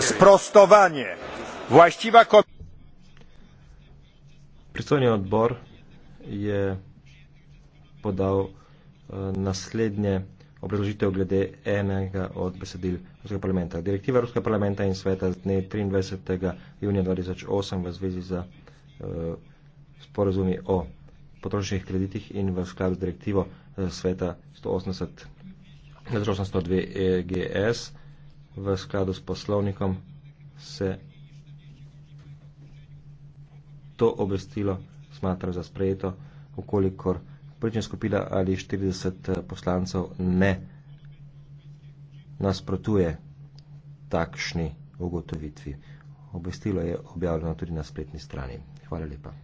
sprostowanie. Właściwa Pristojni odbor je podal e, naslednje obrazložitev glede enega od besedil Ruskega parlamenta. Direktiva Ruskega parlamenta in sveta z dne 23. junija 2008 v zvezi za uh, e, sporozumi o potrošnih kreditih in v skladu z direktivo e, sveta 180, 1802 EGS v skladu s poslovnikom se to obvestilo smatra za sprejeto, ukolikor prična skupina ali 40 eh, poslancev ne nasprotuje takšni ugotovitvi. Obvestilo je objavljeno tudi na spletni strani. Hvala lepa.